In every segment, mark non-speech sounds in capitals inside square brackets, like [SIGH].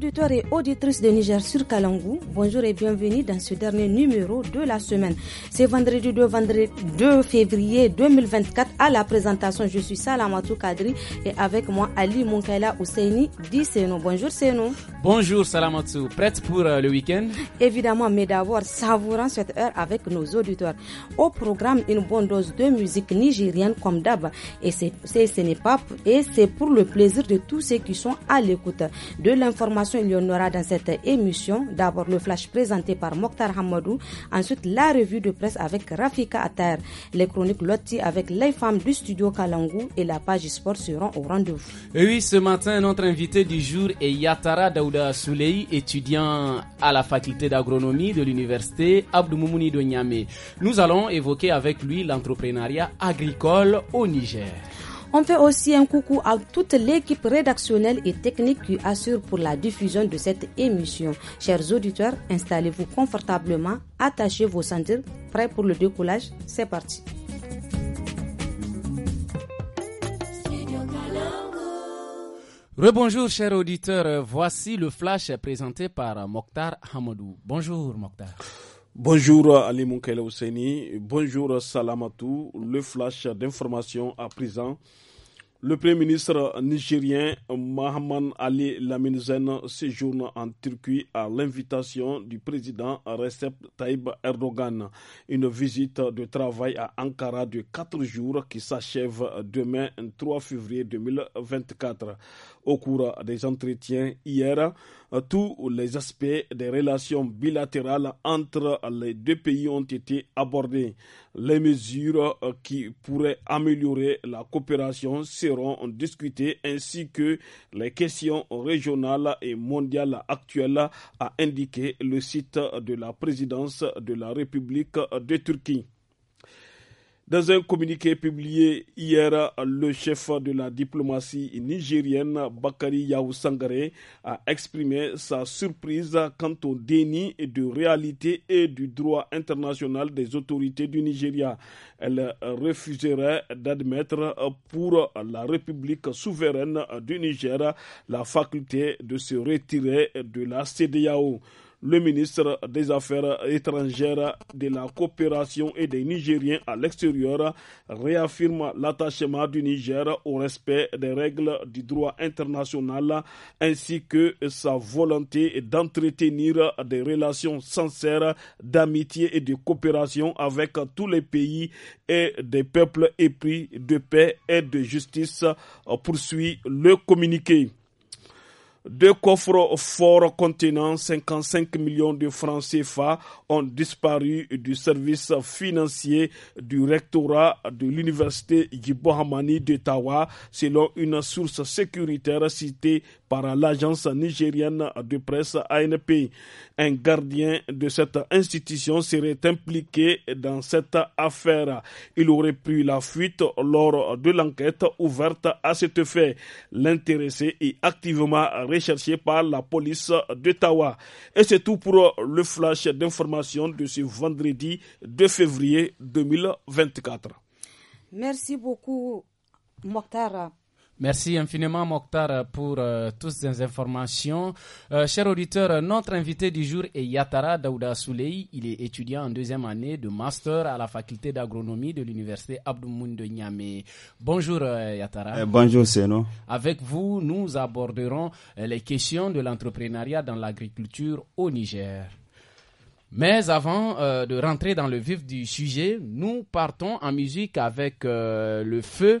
auditeurs et auditrices de Niger sur Kalangou, bonjour et bienvenue dans ce dernier numéro de la semaine. C'est vendredi 2, vendredi 2 février 2024 à la présentation. Je suis Salamatou Kadri et avec moi Ali Munkela Ousseini dit Seno. Bonjour Seno. Bonjour Salamatou. Prête pour euh, le week-end Évidemment, mais d'abord savourant cette heure avec nos auditeurs. Au programme, une bonne dose de musique nigérienne comme d'hab. Et c'est ce n'est pas et c'est pour le plaisir de tous ceux qui sont à l'écoute de l'information il y en aura dans cette émission. D'abord le flash présenté par Mokhtar Hamadou, ensuite la revue de presse avec Rafika Atar, les chroniques Lotti avec les femmes du studio Kalangou et la page sport seront au rendez-vous. Et Oui, ce matin, notre invité du jour est Yatara Daouda Souley, étudiant à la faculté d'agronomie de l'université Abdou Moumouni de Niamey. Nous allons évoquer avec lui l'entrepreneuriat agricole au Niger. On fait aussi un coucou à toute l'équipe rédactionnelle et technique qui assure pour la diffusion de cette émission. Chers auditeurs, installez-vous confortablement, attachez vos cendres. prêts pour le décollage. C'est parti. Rebonjour, chers auditeurs. Voici le flash présenté par Mokhtar Hamadou. Bonjour, Mokhtar. Bonjour Ali Moukele Ousseni, bonjour Salamatou, le flash d'information à présent. Le Premier ministre nigérien Mahaman Ali Laminzen séjourne en Turquie à l'invitation du président Recep Tayyip Erdogan. Une visite de travail à Ankara de quatre jours qui s'achève demain 3 février 2024 au cours des entretiens hier tous les aspects des relations bilatérales entre les deux pays ont été abordés. Les mesures qui pourraient améliorer la coopération seront discutées ainsi que les questions régionales et mondiales actuelles, a indiqué le site de la présidence de la République de Turquie. Dans un communiqué publié hier, le chef de la diplomatie nigérienne, Bakari Yahou Sangare, a exprimé sa surprise quant au déni de réalité et du droit international des autorités du Nigeria. Elle refuserait d'admettre pour la République souveraine du Niger la faculté de se retirer de la CDAO le ministre des Affaires étrangères, de la coopération et des Nigériens à l'extérieur réaffirme l'attachement du Niger au respect des règles du droit international ainsi que sa volonté d'entretenir des relations sincères d'amitié et de coopération avec tous les pays et des peuples épris de paix et de justice, poursuit le communiqué. Deux coffres forts contenant 55 millions de francs CFA ont disparu du service financier du rectorat de l'université de d'Ottawa, selon une source sécuritaire citée par l'agence nigérienne de presse ANP. Un gardien de cette institution serait impliqué dans cette affaire. Il aurait pris la fuite lors de l'enquête ouverte à cet effet. L'intéressé est activement recherché par la police d'Ottawa. Et c'est tout pour le flash d'information de ce vendredi 2 février 2024. Merci beaucoup, Mokhtar. Merci infiniment, Mokhtar, pour euh, toutes ces informations. Cher euh, chers auditeurs, notre invité du jour est Yatara Daouda Souley. Il est étudiant en deuxième année de master à la faculté d'agronomie de l'université Abdoumoun de Niamey. Bonjour, euh, Yatara. Eh, bonjour, Seno. Avec vous, nous aborderons les questions de l'entrepreneuriat dans l'agriculture au Niger. Mais avant de rentrer dans le vif du sujet, nous partons en musique avec le feu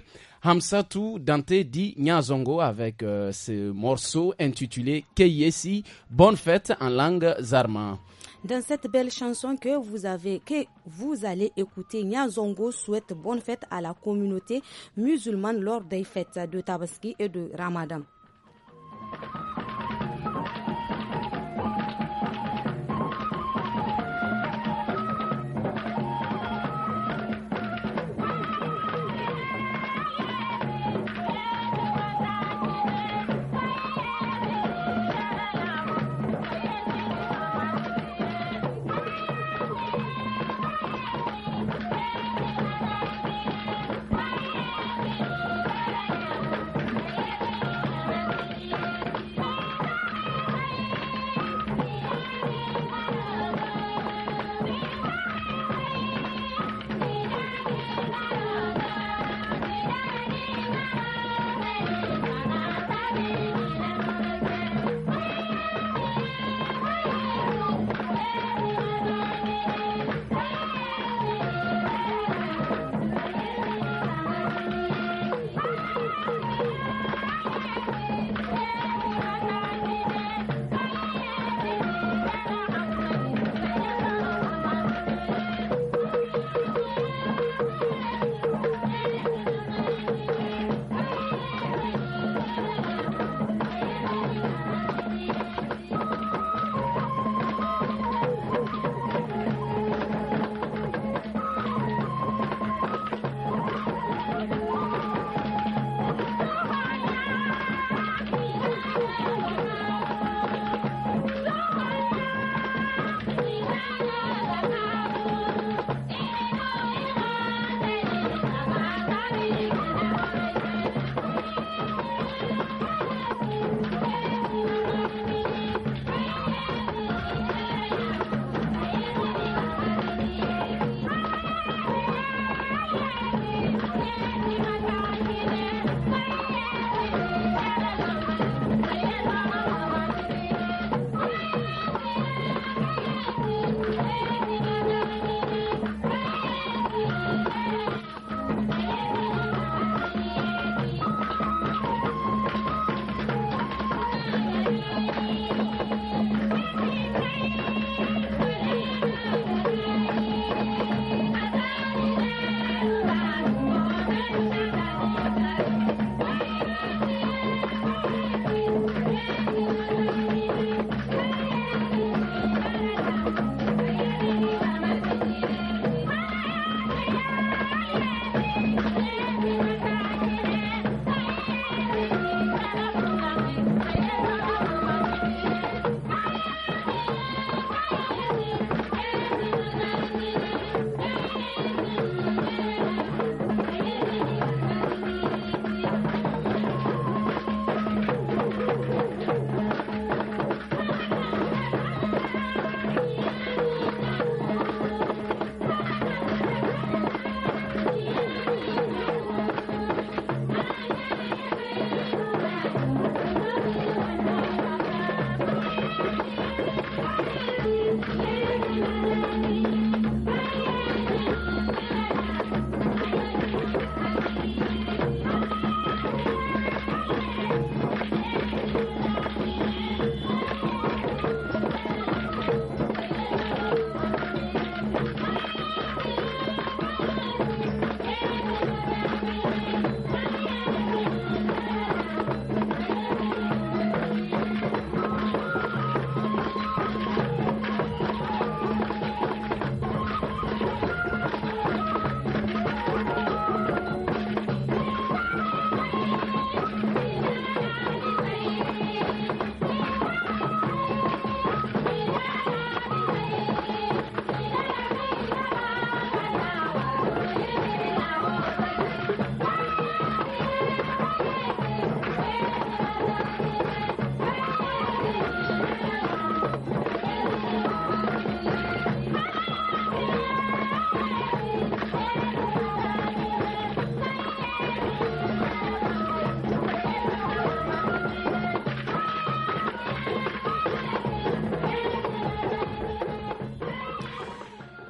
Tou Dante dit Nyazongo avec euh, ce morceau intitulé Keyesi, bonne fête en langue zarma. Dans cette belle chanson que vous avez, que vous allez écouter, Nyazongo souhaite bonne fête à la communauté musulmane lors des fêtes de Tabaski et de Ramadan.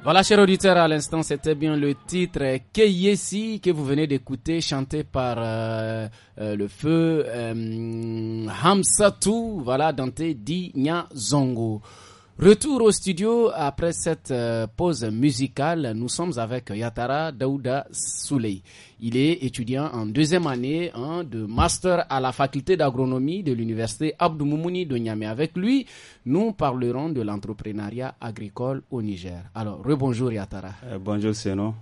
Voilà, chers auditeurs, à l'instant, c'était bien le titre euh, Keyesi que vous venez d'écouter, chanté par euh, euh, le feu euh, voilà, Dante Di Zongo. Retour au studio après cette euh, pause musicale. Nous sommes avec Yatara Daouda Souley. Il est étudiant en deuxième année hein, de master à la faculté d'agronomie de l'université Abdou Moumouni de Niamey. Avec lui, nous parlerons de l'entrepreneuriat agricole au Niger. Alors, rebonjour Yatara. Euh, bonjour Seno.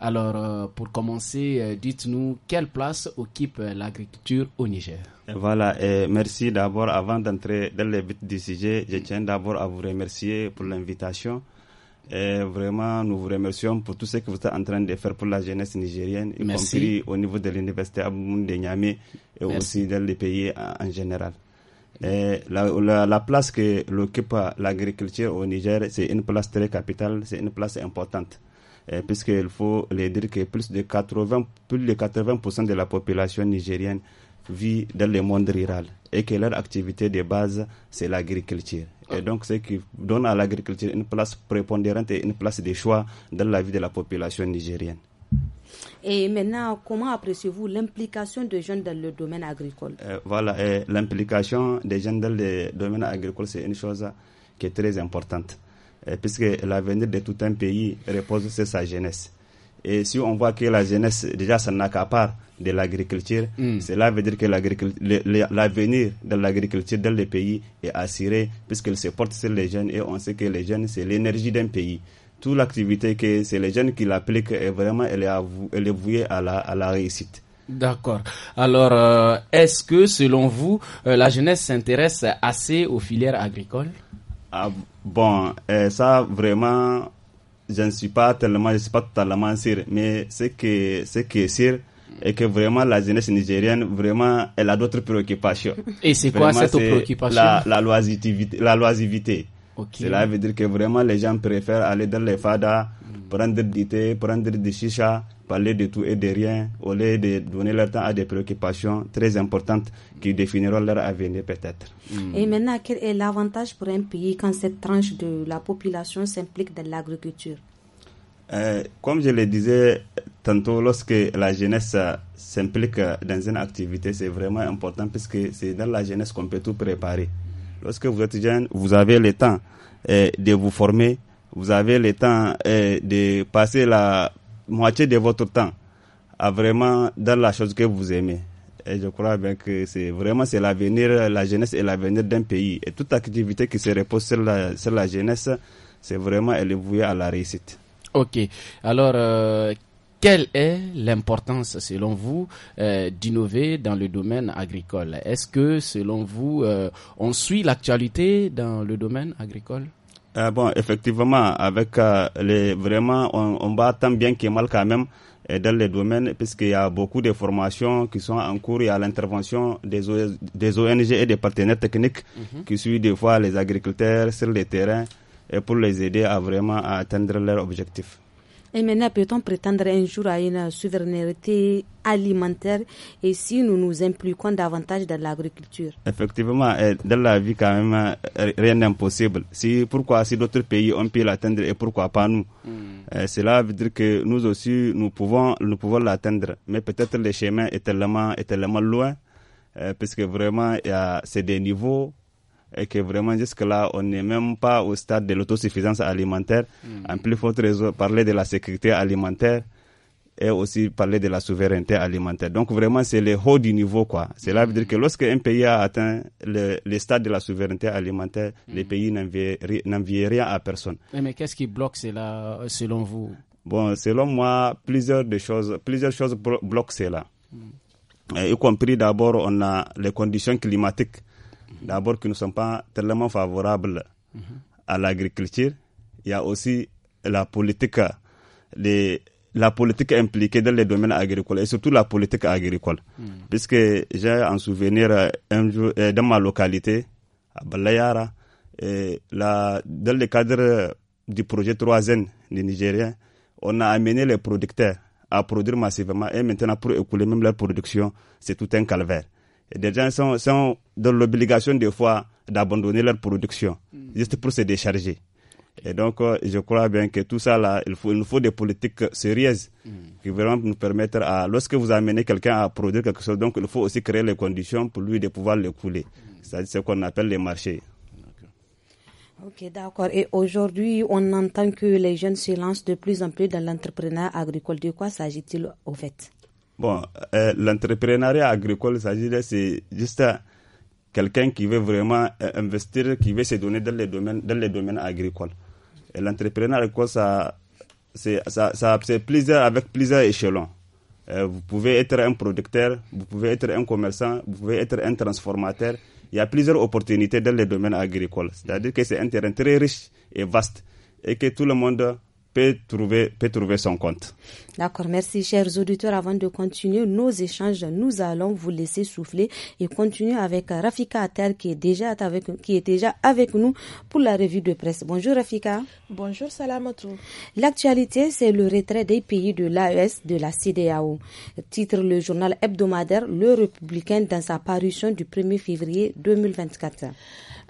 Alors, euh, pour commencer, euh, dites-nous quelle place occupe euh, l'agriculture au Niger Voilà, merci d'abord. Avant d'entrer dans le but du sujet, je tiens d'abord à vous remercier pour l'invitation. vraiment, nous vous remercions pour tout ce que vous êtes en train de faire pour la jeunesse nigérienne, y compris au niveau de l'université Aboumoun de Niamey et aussi dans les pays en, général. la, place que l'occupe l'agriculture au Niger, c'est une place très capitale, c'est une place importante. Euh, puisqu'il faut les dire que plus de 80, plus de 80% de la population nigérienne vit dans le monde rural et que leur activité de base, c'est l'agriculture. Et ah. donc, ce qui donne à l'agriculture une place prépondérante et une place de choix dans la vie de la population nigérienne. Et maintenant, comment appréciez-vous l'implication des jeunes dans le domaine agricole euh, Voilà, euh, l'implication des jeunes dans le domaine agricole, c'est une chose qui est très importante. Euh, puisque l'avenir de tout un pays repose sur sa jeunesse. Et si on voit que la jeunesse, déjà, s'en n'a qu'à part de l'agriculture, hmm. cela veut dire que l'avenir de l'agriculture dans le pays est assuré, puisqu'elle se porte sur les jeunes, et on sait que les jeunes, c'est l'énergie d'un pays toute l'activité que c'est les jeunes qui l'appliquent est vraiment elle est, vouée à la, réussite. D'accord. Alors, euh, est-ce que selon vous, euh, la jeunesse s'intéresse assez aux filières agricoles ah, bon, euh, ça vraiment, je ne suis pas tellement, je suis pas totalement sûr, mais ce que qui est sûr est que vraiment la jeunesse nigérienne, vraiment, elle a d'autres préoccupations. Et c'est quoi cette préoccupation la, loisivité. La loisivité. Cela veut dire que vraiment les gens préfèrent aller dans les fadas, prendre du thé, prendre du chicha, parler de tout et de rien, au lieu de donner leur temps à des préoccupations très importantes qui définiront leur avenir peut-être. Et maintenant, quel est l'avantage pour un pays quand cette tranche de la population s'implique dans l'agriculture euh, Comme je le disais tantôt, lorsque la jeunesse euh, s'implique euh, dans une activité, c'est vraiment important puisque c'est dans la jeunesse qu'on peut tout préparer. Lorsque vous êtes jeune, vous avez le temps de vous former, vous avez le temps eh, de passer la moitié de votre temps à vraiment dans la chose que vous aimez. Et je crois bien que c'est vraiment c'est l'avenir, la jeunesse et l'avenir d'un pays. Et toute activité qui se repose sur la, sur la jeunesse, c'est vraiment elle vouée à la réussite. Ok. Alors, euh, quelle est l'importance, selon vous, euh, d'innover dans le domaine agricole Est-ce que, selon vous, euh, on suit l'actualité dans le domaine agricole euh, bon, effectivement, avec euh, les, vraiment, on, on bat tant bien que mal quand même euh, dans les domaines, puisqu'il y a beaucoup de formations qui sont en cours, il y l'intervention des, ONG et des partenaires techniques mhm. qui suivent des fois les agriculteurs sur les terrains et pour les aider à vraiment à atteindre leurs objectifs. Et maintenant, peut-on prétendre un jour à une souveraineté alimentaire et si nous nous impliquons davantage dans l'agriculture Effectivement, eh, dans la vie quand même, eh, rien n'est impossible. pourquoi si d'autres pays ont pu l'atteindre et pourquoi pas nous hmm. eh, Cela veut dire que nous aussi, nous pouvons, nous pouvons l'atteindre. Mais peut-être le chemin est tellement, loin, puisque parce que vraiment, c'est des niveaux et que vraiment jusque-là, on n'est même pas au stade de l'autosuffisance alimentaire. Hmm. En plus, faut parler de la sécurité alimentaire et aussi parler de la souveraineté alimentaire. Donc vraiment, c'est le haut du niveau, quoi. Cela veut dire que lorsque un pays a atteint le, le stade de la souveraineté alimentaire, hmm. les pays viennent rien à personne. Eh, mais qu'est-ce qui bloque cela, selon vous Bon, selon moi, plusieurs de choses, plusieurs choses bloquent cela. Hmm. y compris d'abord, on a les conditions climatiques D'abord que nous ne sommes pas tellement favorables à l'agriculture. Il y a aussi la politique, la politique impliquée dans les domaines agricoles et surtout la politique agricole. Hmm. Puisque j'ai en souvenir un euh, dans ma localité, à Balayara, et dans le cadre du projet 3N des Nigériens, on a amené les producteurs à produire massivement et maintenant pour écouler même leur production, c'est tout un calvaire des gens sont, sont dans l'obligation des fois d'abandonner leur production mm. juste pour se décharger. Et donc, euh, je crois bien que tout ça, là, il, faut, il nous faut des politiques sérieuses mm. qui vont nous permettre à, lorsque vous amenez quelqu'un à produire quelque chose, donc il faut aussi créer les conditions pour lui de pouvoir le couler. Mm. cest ce qu'on appelle les marchés. Ok, d'accord. Et aujourd'hui, on entend que les jeunes se lancent de plus en plus dans l'entrepreneuriat agricole. De quoi s'agit-il au fait Bon, euh, l'entrepreneuriat agricole, c'est juste quelqu'un qui veut vraiment euh, investir, qui veut se donner dans les domaines, dans les domaines agricoles. Et l'entrepreneuriat agricole, ça, c'est, ça, plusieurs, avec plusieurs échelons. Euh, vous pouvez être un producteur, vous pouvez être un commerçant, vous pouvez être un transformateur. Il y a plusieurs opportunités dans les domaines agricoles. C'est-à-dire que c'est un terrain très riche et vaste et que tout le monde peut trouver, peut son compte. D'accord, merci chers auditeurs. Avant de continuer nos échanges, nous allons vous laisser souffler et continuer avec Rafika Atel qui est déjà avec, qui est déjà avec nous pour la revue de presse. Bonjour Rafika. Bonjour Salamatou. L'actualité, c'est le retrait des pays de l'AES de la CDAO. Titre le journal hebdomadaire Le Républicain dans sa parution du 1er février 2024.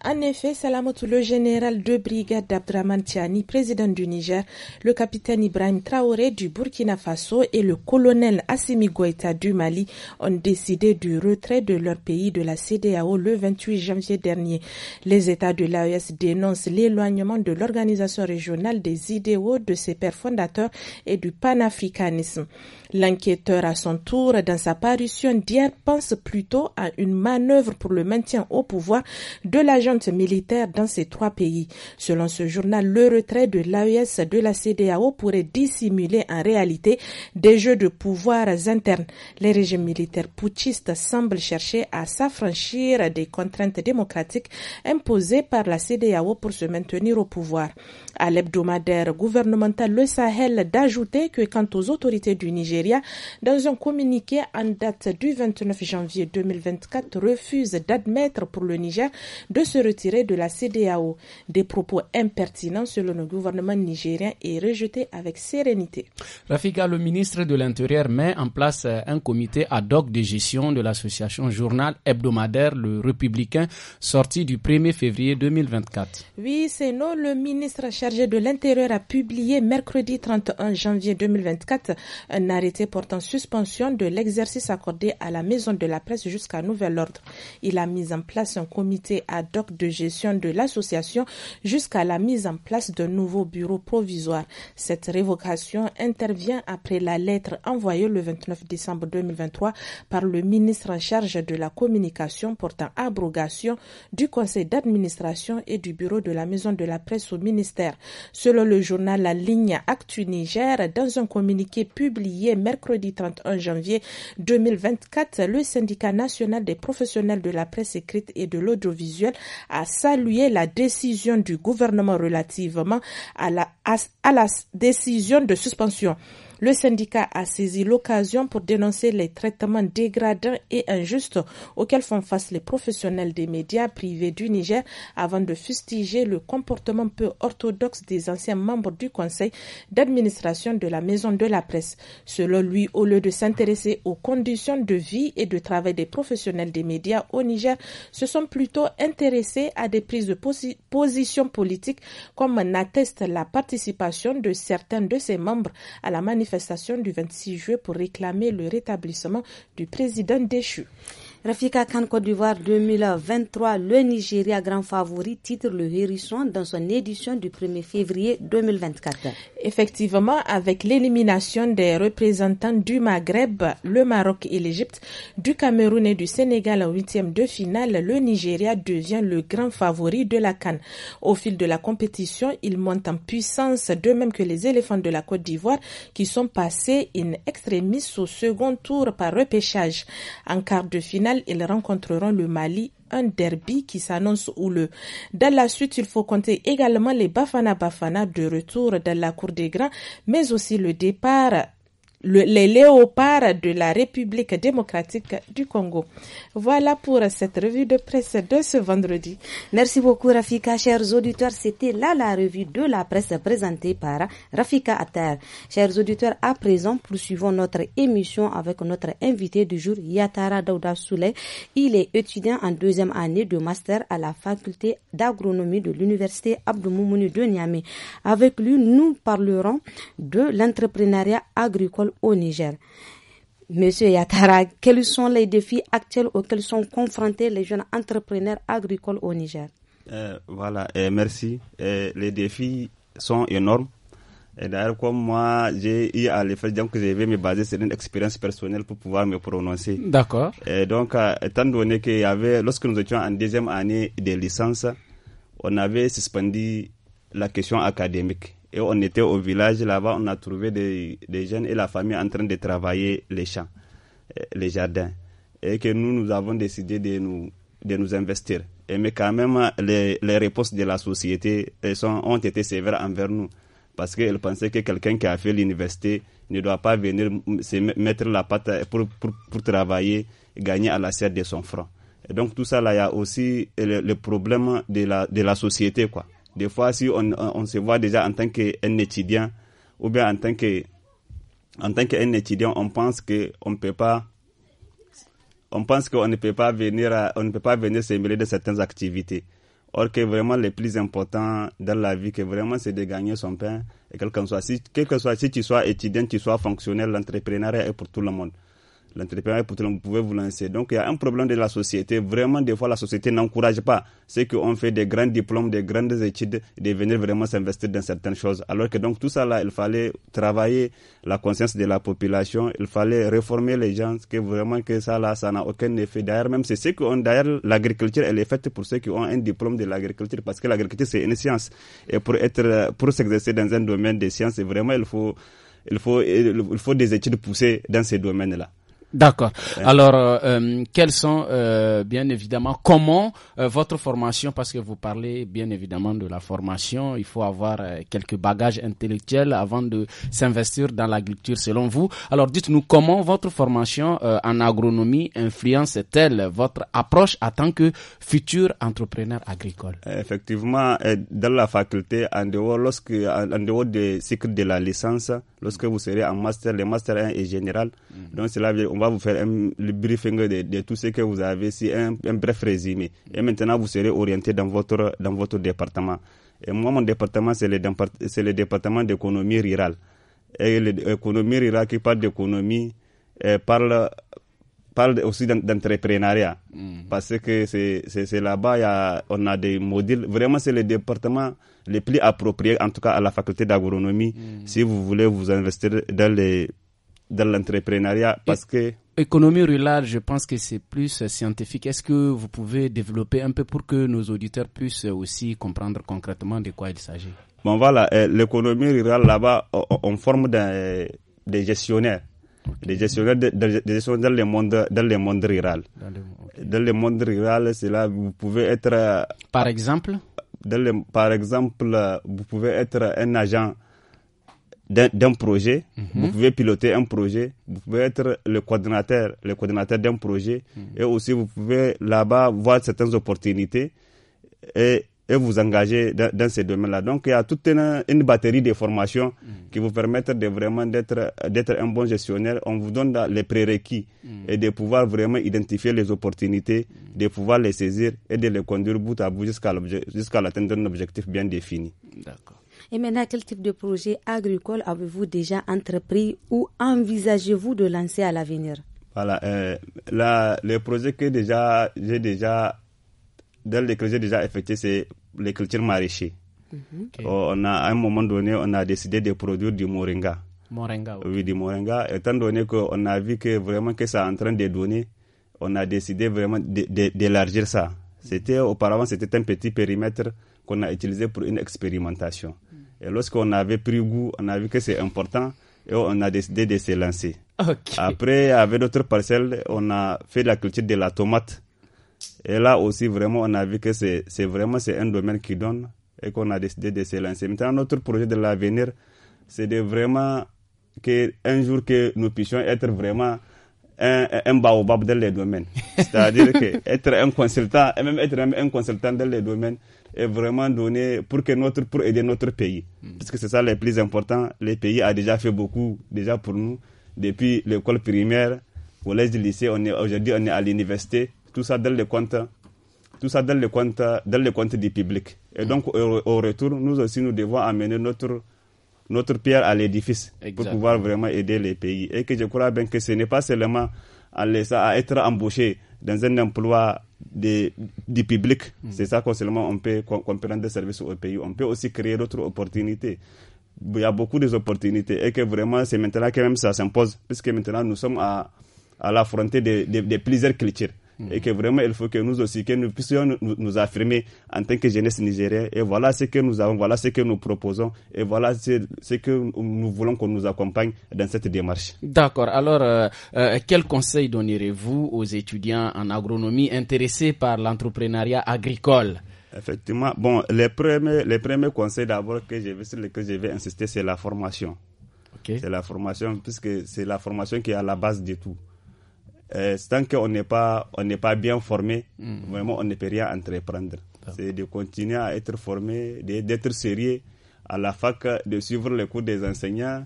En effet, Salamatou, le général de brigade d'Abdraman Tiani, président du Niger, le capitaine Ibrahim Traoré du Burkina Faso et le colonel Assimi Goïta du Mali ont décidé du retrait de leur pays de la CDAO le 28 janvier dernier. Les États de l'AES dénoncent l'éloignement de l'organisation régionale des idéaux e de ses pères fondateurs et du panafricanisme. L'enquêteur, à son tour, dans sa parution d'hier, pense plutôt à une manœuvre pour le maintien au pouvoir de l'agente militaire dans ces trois pays. Selon ce journal, le retrait de l'AES de la CDAO pourrait dissimuler en réalité des jeux de pouvoirs internes. Les régimes militaires putschistes semblent chercher à s'affranchir des contraintes démocratiques imposées par la CDAO pour se maintenir au pouvoir à l'hebdomadaire gouvernemental Le Sahel d'ajouter que quant aux autorités du Nigeria, dans un communiqué en date du 29 janvier 2024, refuse d'admettre pour le Niger de se retirer de la CDAO. Des propos impertinents selon le gouvernement nigérien et rejetés avec sérénité. Rafika, le ministre de l'Intérieur met en place euh, un comité ad hoc de gestion de l'association journal hebdomadaire Le Républicain sorti du 1er février 2024. Oui, c'est non, le ministre chef chargé de l'Intérieur a publié mercredi 31 janvier 2024 un arrêté portant suspension de l'exercice accordé à la maison de la presse jusqu'à nouvel ordre. Il a mis en place un comité ad hoc de gestion de l'association jusqu'à la mise en place d'un nouveau bureau provisoire. Cette révocation intervient après la lettre envoyée le 29 décembre 2023 par le ministre en charge de la communication portant abrogation du conseil d'administration et du bureau de la maison de la presse au ministère. Selon le journal La Ligne Actu Niger, dans un communiqué publié mercredi 31 janvier 2024, le syndicat national des professionnels de la presse écrite et de l'audiovisuel a salué la décision du gouvernement relativement à la, à la décision de suspension. Le syndicat a saisi l'occasion pour dénoncer les traitements dégradants et injustes auxquels font face les professionnels des médias privés du Niger avant de fustiger le comportement peu orthodoxe des anciens membres du conseil d'administration de la maison de la presse. Selon lui, au lieu de s'intéresser aux conditions de vie et de travail des professionnels des médias au Niger, se sont plutôt intéressés à des prises de position politique comme en atteste la participation de certains de ses membres à la manifestation du 26 juillet pour réclamer le rétablissement du président déchu. Rafika Khan Côte d'Ivoire 2023, le Nigeria grand favori titre le Hérisson dans son édition du 1er février 2024. Effectivement, avec l'élimination des représentants du Maghreb, le Maroc et l'Égypte, du Cameroun et du Sénégal en huitième de finale, le Nigeria devient le grand favori de la Cannes. Au fil de la compétition, il monte en puissance, de même que les éléphants de la Côte d'Ivoire qui sont passés in extremis au second tour par repêchage. En quart de finale, ils rencontreront le Mali, un derby qui s'annonce houleux. Dans la suite, il faut compter également les Bafana Bafana de retour dans la cour des grands, mais aussi le départ les léopards de la République démocratique du Congo. Voilà pour cette revue de presse de ce vendredi. Merci beaucoup Rafika, chers auditeurs. C'était là la revue de la presse présentée par Rafika Atar. Chers auditeurs, à présent, poursuivons notre émission avec notre invité du jour, Yatara Dauda Souley. Il est étudiant en deuxième année de master à la faculté d'agronomie de l'université Abdou Moumouni de Niamey. Avec lui, nous parlerons de l'entrepreneuriat agricole au Niger. Monsieur Yatara, quels sont les défis actuels auxquels sont confrontés les jeunes entrepreneurs agricoles au Niger euh, Voilà, merci. les défis sont énormes. Et d'ailleurs, comme moi, j'ai eu à les faire, donc je vais me baser sur une expérience personnelle pour pouvoir me prononcer. D'accord. Et donc, euh, étant donné qu'il y avait, lorsque nous étions en deuxième année de licence, on avait suspendu la question académique. Et on était au village là-bas, on a trouvé des, jeunes et la famille en train de travailler les champs, euh, les jardins. Et que nous, nous avons décidé de nous, de nous investir. mais quand même, les, les réponses de la société ont été sévères envers nous. Parce qu'elle pensaient que quelqu'un qui a fait l'université ne doit pas venir se mettre la patte pour, pour, pour travailler, gagner à la serre de son front. donc tout ça, là, il y a aussi le, problème de la, de la société, quoi des fois, si on, se voit déjà en tant qu'un étudiant ou bien en tant que en tant qu'un étudiant, on pense que on peut pas on pense qu'on ne peut pas venir à, on ne peut pas venir se mêler de certaines activités. Or que vraiment le plus important dans la vie, que vraiment c'est de gagner son pain et quel que soit si quel que soit si tu sois étudiant, tu sois fonctionnel, l'entrepreneuriat est pour tout le monde l'entrepreneuriat vous pouvez vous lancer. Donc il y a un problème de la société. Vraiment, des fois, la société n'encourage pas ceux qui ont fait des grands diplômes, des grandes études, de venir vraiment s'investir dans certaines choses. Alors que donc tout ça là, il fallait travailler la conscience de la population, il fallait réformer les gens, que vraiment que ça là, ça n'a aucun effet. D'ailleurs, même c'est ceux qui ont, d'ailleurs, l'agriculture, elle est faite pour ceux qui ont un diplôme de l'agriculture, parce que l'agriculture, c'est une science. Et pour être, pour s'exercer dans un domaine de sciences, vraiment, il faut, il faut des études poussées dans ces domaines-là. D'accord. Alors, euh, euh, quels sont, euh, bien évidemment, comment euh, votre formation, parce que vous parlez bien évidemment de la formation, il faut avoir quelques bagages intellectuels avant de s'investir dans l'agriculture, selon vous. Alors, dites-nous comment votre formation en agronomie influence-t-elle votre approche en tant que futur entrepreneur agricole Effectivement, dans la faculté, en dehors, lorsque, en des cycles de la licence, lorsque vous serez en master, le master 1 est général, mm. donc on va vous faire un, le briefing de, tout ce que vous avez, c'est un, bref résumé. Et maintenant, vous serez orienté dans votre, dans votre département. Et moi, mon département, c'est le, le, département d'économie rurale. Et l'économie rurale qui parle d'économie euh, parle, parle aussi d'entrepreneuriat. Mm. Parce que c'est là-bas, on a des modèles. Vraiment, c'est le département le plus approprié, en tout cas à la faculté d'agronomie, mm. si vous voulez vous investir dans les de l'entrepreneuriat parce que économie rurale, je pense que c'est plus euh, scientifique. Est-ce que vous pouvez développer un peu pour que nos auditeurs puissent euh, aussi comprendre concrètement de quoi il s'agit Bon, voilà, euh, l'économie rurale, là-bas, on forme des, gestionnaires. Des gestionnaires, des dans le monde, dans monde rural. Dans le, monde rural, c'est là vous pouvez être. Par exemple Par exemple, vous pouvez être un agent d'un projet, mhm. vous pouvez piloter un projet, vous pouvez être le coordinateur, le coordinateur d'un projet, mhm. et aussi vous pouvez là-bas voir certaines opportunités et, vous engager dans, ces domaines-là. Donc il y a toute une, batterie de formations mhm. qui vous permettent de vraiment d'être un bon gestionnaire. On vous donne les prérequis et de pouvoir vraiment identifier les opportunités, de pouvoir les saisir et de les conduire bout à bout jusqu'à jusqu'à d'un un objectif bien défini. D'accord. Et maintenant, quel type de projet agricole avez-vous déjà entrepris ou envisagez-vous de lancer à l'avenir Voilà, euh, là, le projet que déjà, j'ai déjà, que j'ai déjà effectué, c'est les cultures mhm. oh, on a, à un moment donné, on a décidé de produire du moringa. Moringa, Oui, du moringa. Étant donné qu'on a vu que vraiment que ça est en train de donner, on a décidé vraiment d'élargir ça. C'était auparavant c'était un petit périmètre qu'on a utilisé pour une expérimentation. Et lorsqu'on avait pris goût, on a vu que c'est important et on a décidé de se lancer. Après, avec d'autres parcelles, on a fait la culture de la tomate. Et là aussi, vraiment, on a vu que c'est vraiment c'est un domaine qui donne et qu'on a décidé de se lancer. Maintenant, notre projet de l'avenir, c'est de vraiment que un jour que nous puissions être vraiment un, baobab dans les domaines. [LAUGHS] C'est-à-dire que être un consultant, et même être un consultant dans les domaines, est vraiment donné pour, que notre, pour aider notre pays. Hmm. Parce que c'est ça le plus important. Le pays a déjà fait beaucoup, déjà pour nous, depuis l'école primaire, au lycée, on aujourd'hui on est à l'université, tout ça dans le compte. Tout ça dans le compte, dans le compte du public. Et hmm. donc, au, retour, nous aussi, nous devons amener notre, notre pierre à l'édifice pour pouvoir vraiment aider les pays. Et que je crois bien que ce n'est pas seulement aller ça à être embauché dans un emploi du public. Mm. C'est ça qu'on seulement peut rendre des services au pays. On peut aussi créer d'autres opportunités. Il y a beaucoup d'opportunités et que vraiment c'est maintenant que même ça s'impose puisque maintenant nous sommes à, à la frontière de, plusieurs cultures. Mm-hmm. et que vraiment il faut que nous aussi, que nous puissions nous, affirmer en tant que jeunesse nigérienne et voilà ce que nous avons, voilà ce que nous proposons et voilà ce, que nous voulons qu'on nous accompagne dans cette démarche. D'accord. Alors, quels euh, euh, conseils quel conseil donnerez-vous aux étudiants en agronomie intéressés par l'entrepreneuriat agricole Effectivement. Bon, les premiers, les premiers conseils d'abord que je vais, que je vais insister, c'est la formation. C'est la formation, puisque c'est la formation qui est à la base de tout. Euh, tant qu'on n'est pas, on n'est pas bien formé, hmm. vraiment, on ne peut rien entreprendre. C'est de continuer à être formé, d'être sérieux à la fac, de suivre les cours des enseignants,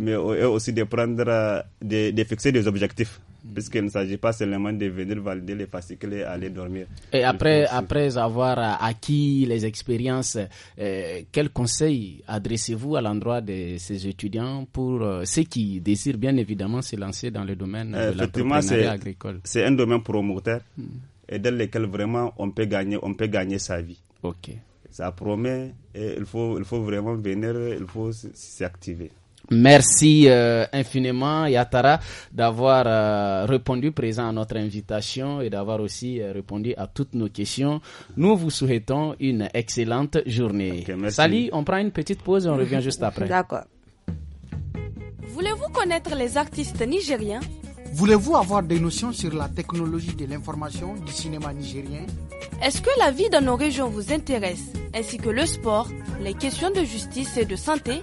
mais aussi de prendre, euh, de fixer des objectifs puisqu'il ne s'agit pas seulement de venir valider les fascicules et aller dormir. Et après, après avoir acquis les expériences, euh, quels conseils adressez-vous à l'endroit de ces étudiants pour euh, ceux qui désirent bien évidemment se lancer dans le domaine de l'entrepreneuriat agricole C'est un domaine promoteur hmm. et dans lequel vraiment on peut gagner, on peut gagner sa vie. Ok. Ça promet et il faut, il faut vraiment venir, il faut s'activer. Merci euh, infiniment, Yatara, d'avoir euh, répondu présent à notre invitation et d'avoir aussi euh, répondu à toutes nos questions. Nous vous souhaitons une excellente journée. Salut, on prend une petite pause et on revient juste après. D'accord. Voulez-vous connaître les artistes nigériens Voulez-vous avoir des notions sur la technologie de l'information du cinéma nigérien Est-ce que la vie dans nos régions vous intéresse, ainsi que le sport, les questions de justice et de santé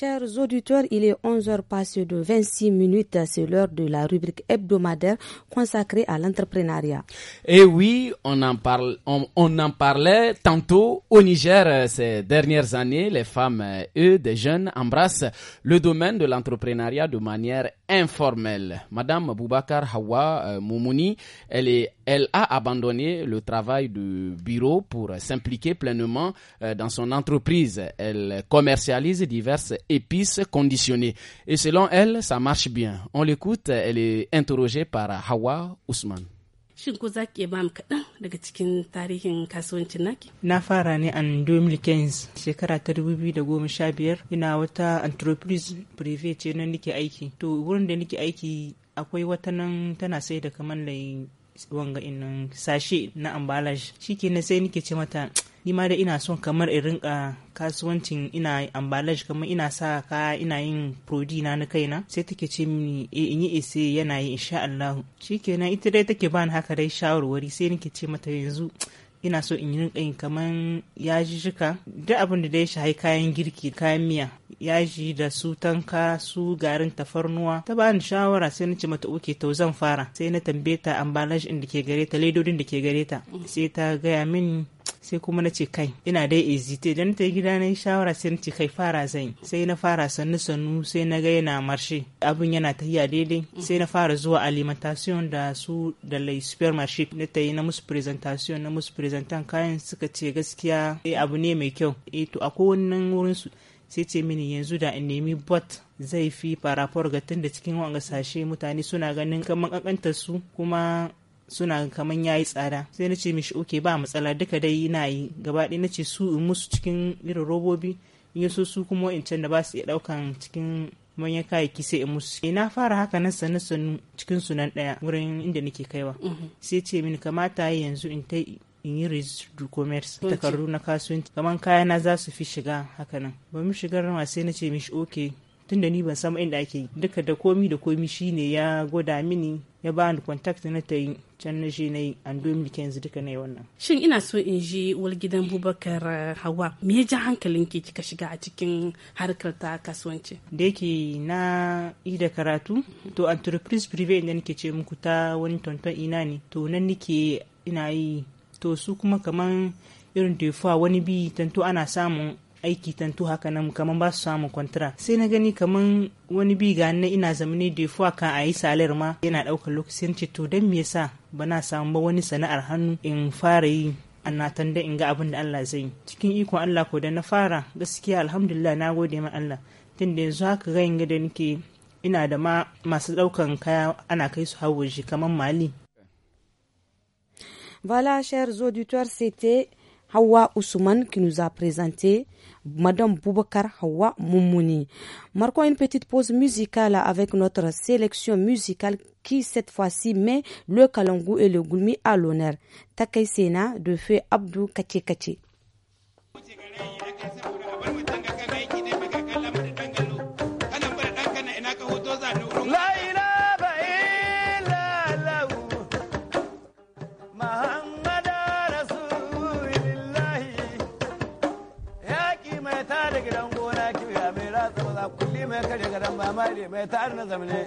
Chers auditeurs, il est 11h passé de 26 minutes. C'est l'heure de la rubrique hebdomadaire consacrée à l'entrepreneuriat. Et eh oui, on en, parle, on, en parlait tantôt. Au Niger, euh, ces dernières années, les femmes eux, des jeunes embrassent le domaine de l'entrepreneuriat de manière informelle. Madame Boubacar Hawa euh, Moumouni, elle, a abandonné le travail de bureau pour s'impliquer pleinement euh, dans son entreprise. Elle commercialise diverses épices conditionnées. Et selon elle, ça marche bien. On l'écoute, elle est interrogée par Hawa Ousmane. shin ko za ki ba mu kaɗan daga cikin tarihin kasuwancin naki na fara ne an 2015 shekara ta da goma sha biyar. ina wata entreprise private ce na nike aiki to wurin da nike aiki akwai wata nan tana sai da kamar wanga inan sashe na ke na sai nike ce mata ni ma da ina son kamar in rinka kasuwancin ina ambalaj kamar ina sa ka ina yin prodi na na kaina sai take ce mini e in yi ese yana yi insha Allah shikenan ita dai take bani haka dai shawarwari sai nake ce mata yanzu ina so in yi rinka yin kaman yajijjika duk abin da dai shahai kayan girki kayan miya yaji da su tanka su garin tafarnuwa ta bani shawara sai na ce mata oke to zan fara sai na tambaye ta ambalage din da ke gare ta ledodin da ke gare ta sai ta gaya min sai kuma na ce kai ina dai ezite dan ta gida na shawara sai na ce kai fara zan sai na fara sannu sannu sai na ga yana marshe abin yana tahiya daidai sai na fara zuwa alimentation da su da lai supermarket na tayi na musu presentation na musu presentation kayan suka ce gaskiya eh, abu ne mai kyau E, to akwai wannan wurin su sai ce mini yanzu da in nemi bot zai fi farafor ga tun da cikin wanga sashe mutane suna ganin kaman kankantar su kuma suna kaman yi tsada sai na ce mishi oke ba matsala duka dai na yi gaba ɗaya na ce su in musu cikin irin robobi in so su kuma in can da ba su iya ɗaukan cikin manyan kayayyaki sai in musu eh, na fara haka nan sanu sanu cikin sunan ɗaya wurin inda nake kaiwa mhm. sai ce mini kamata yanzu in ta in yi register commerce takardu na kasuwanci kaman kayana za su fi shiga haka nan ba mu shigar sai na ce mishi oke tunda ni ban san inda ake duka da komi da komi shine ya gwada mini ya ba ni contact na ta yi can na je na yi an duka na yi wannan. Shin ina so in ji gidan Bubakar eh, Hawa me ya ja ki kika shiga a cikin harkar ta kasuwanci? Da yake na yi da karatu to entreprise privé ne nake ce muku ta wani tonton ina ne to nan nake ina yi to su kuma kaman irin defuwa wani bi tanto ana samun aiki tantu haka nan kamar ba su samu kwantara sai na gani kamar wani bi ga na ina zamani da fuwa kan a yi salar ma yana ɗaukar lokacin ceto don me yasa ba na samu ba wani sana'ar hannu in fara yi na tanda in ga abin da Allah zai yi cikin iko Allah ko da na fara gaskiya alhamdulillah na gode ma Allah tunda yanzu haka ga ga da nake ina da ma masu ɗaukan kaya ana kai su hawo shi kamar mali Voilà, chers auditeurs, c'était Hawa Ousmane qui nous a présenté Madame Boubacar Hawa Moumouni. Marquons une petite pause musicale avec notre sélection musicale qui cette fois-ci met le Kalangu et le Goumi à l'honneur. Takay Sena de Feu Abdou Kachekachi. mai kare garan ba mai mai ta na zamane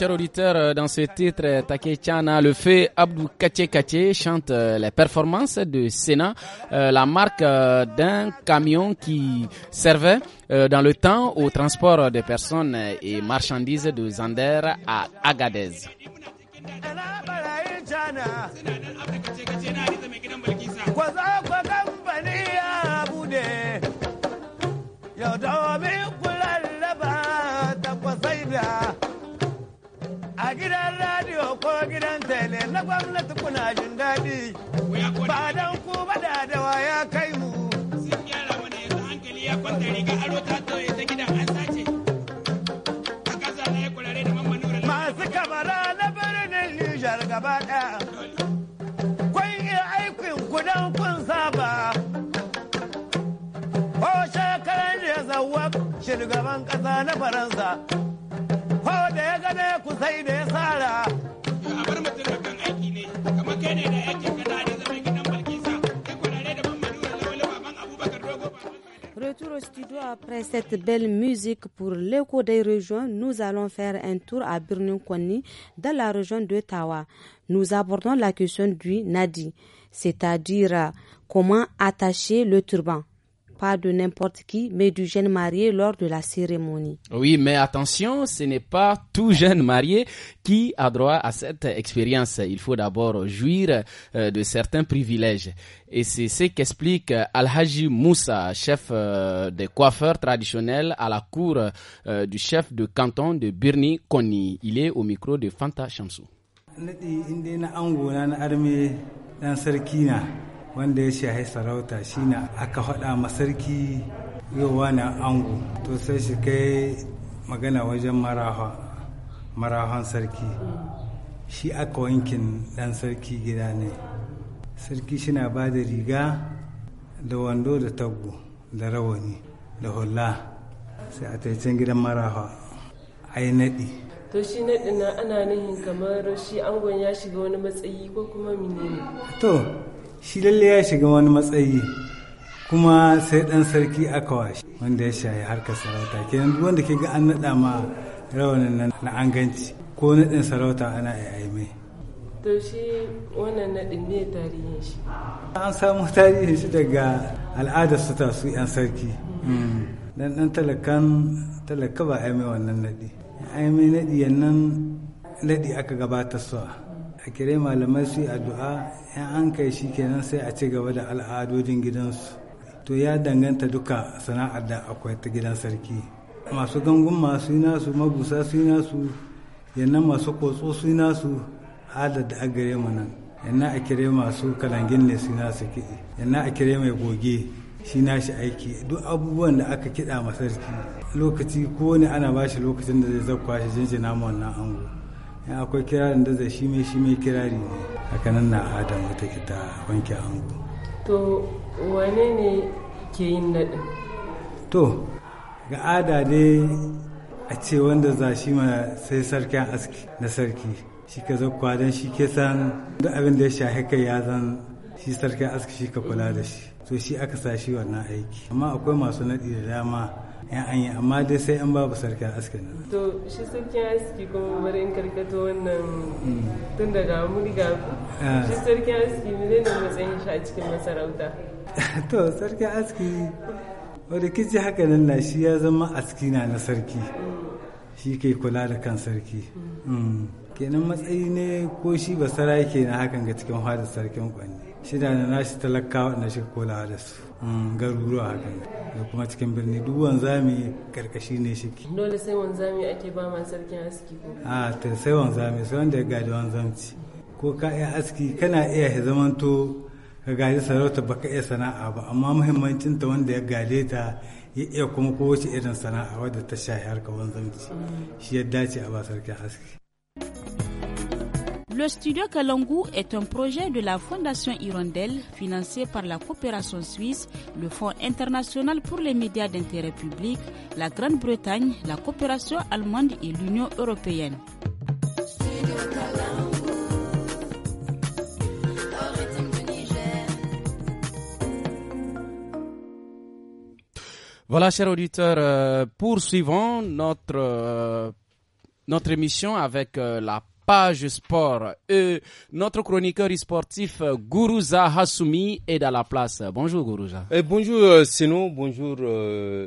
chers auditeurs, dans ce titre, Takechana, le fait Abdou Kaché Kaché chante les performances de Sénat, la marque d'un camion qui servait dans le temps au transport des personnes et marchandises de Zander à Agadez. a gidan radio ko gidan tele na gwamnati kuna jin daɗi ba dan ku ba da dawa ya kai mu sun masu kamara na birnin nijar gaba ɗaya kun yi aikin kun saba ko shekaran da ya shugaban ƙasa na faransa Retour au studio après cette belle musique pour l'écho des régions. Nous allons faire un tour à birnin dans la région de Tawa. Nous abordons la question du Nadi, c'est-à-dire comment attacher le turban pas de n'importe qui, mais du jeune marié lors de la cérémonie. Oui, mais attention, ce n'est pas tout jeune marié qui a droit à cette expérience. Il faut d'abord jouir euh, de certains privilèges. Et c'est ce qu'explique euh, Al-Haji Moussa, chef euh, des coiffeurs traditionnels à la cour du chef de canton de Birni Koni. Il est au micro de Fanta Chamsou. wanda ya shahi sarauta shine aka faɗa masarki yowa na ango to sai shi kai magana wajen marahon sarki shi aka wankin ɗan sarki gida ne sarki shina ba da riga da wando da tagu. da rawani da hula sai a taicen gidan marahon a yi naɗi to shi naɗi na ana nihin kamar shi angon ya shiga wani matsayi ko kuma menene to shi lalle ya shiga wani matsayi kuma sai ɗan sarki aka washe wanda ya shayi harkar sarauta kenan duk wanda ke ga an naɗa ma rawanin nan na anganci ko naɗin sarauta ana yi mai to shi wannan naɗin ne tarihin shi an samu tarihin shi daga al'adar su su 'yan sarki mm. dan dan talakan talaka ba ai mai wannan naɗi ai mai naɗi yannan naɗi aka gabatar su a kere malamai su yi addu'a yan an kai shi kenan sai a ci gaba da al'adodin gidansu to ya danganta duka sana'ar da akwai ta gidan sarki masu gangun masu nasu mabusa su nasu yannan masu kotso su nasu adad da agare mu nan yannan a kere masu kalangin ne su nasu kiɗi yannan a kere mai goge shi nashi aiki duk abubuwan da aka kiɗa masarki lokaci ko ne ana bashi lokacin da zai zakwa shi jinjina mu wannan ango in akwai kirarin da zai shi mai shi mai kirari ne hakanan na adam wata ke ta wanke ango to wane ne ke yin naɗin to ga ada dai a ce wanda za shi ma sai sarkin aski na sarki shi ka zakwa don shi ke san duk abin da ya shahi kai ya zan shi sarkin aski shi ka kula da shi to shi aka sa shi wannan aiki amma akwai masu naɗi da dama yan an yi amma dai sai an babu sarki a askin to shi sarki ya aski kuma bari in karkata wannan mm. tun daga muliga ga ah. shi sarki aski ne ne matsayin shi a cikin masarauta [LAUGHS] to sarki aski wadda kici haka nan na shi ya zama aski na na sarki mm. shi ke kula da kan sarki mm. kenan matsayi ne ko shi ba sarai ke na hakan ga cikin hada sarkin kwanne shida na nashi talakawa na shi kula da su garuruwa hakan da kuma cikin birni duk wanzami karkashi ne shiki dole sai wanzami ake ba ma sarki aski ko a ta sai wanzami sai wanda ya gadi wanzamci ko ka iya aski kana iya zamanto ka gadi sarauta baka iya sana'a ba amma muhimmancin ta wanda ya gade ta ya iya kuma kowace irin sana'a wadda ta shahi harka wanzamci shi ya dace a ba sarkin aski Le studio Kalangu est un projet de la Fondation Hirondelle financé par la coopération suisse, le Fonds international pour les médias d'intérêt public, la Grande-Bretagne, la coopération allemande et l'Union européenne. Voilà, chers auditeurs, euh, poursuivons notre, euh, notre émission avec euh, la page sport. notre chroniqueur sportif Gourouza Hassoumi est à la place. Bonjour Gourouza. bonjour eh, Sino, bonjour euh,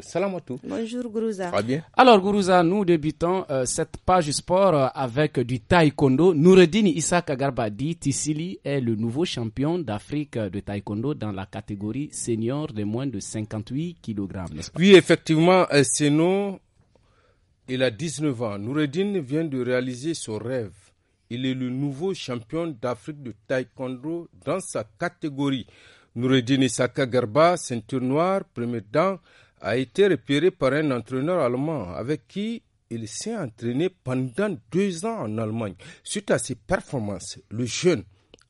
Bonjour Gourouza. Euh, Très bien. Alors Gourouza, nous débutons euh, cette page sport euh, avec du taekwondo. Noureddin Issa Kagarbadi Tissili est le nouveau champion d'Afrique de taekwondo dans la catégorie senior de moins de 58 kg, Oui, effectivement, Sino, il a 19 ans. Noureddin vient de réaliser son rêve il est le nouveau champion d'Afrique de taekwondo dans sa catégorie. Noureddin Saka Garba, ceinture noire, premier dan, a été repéré par un entraîneur allemand avec qui il s'est entraîné pendant deux ans en Allemagne. Suite à ses performances, le jeune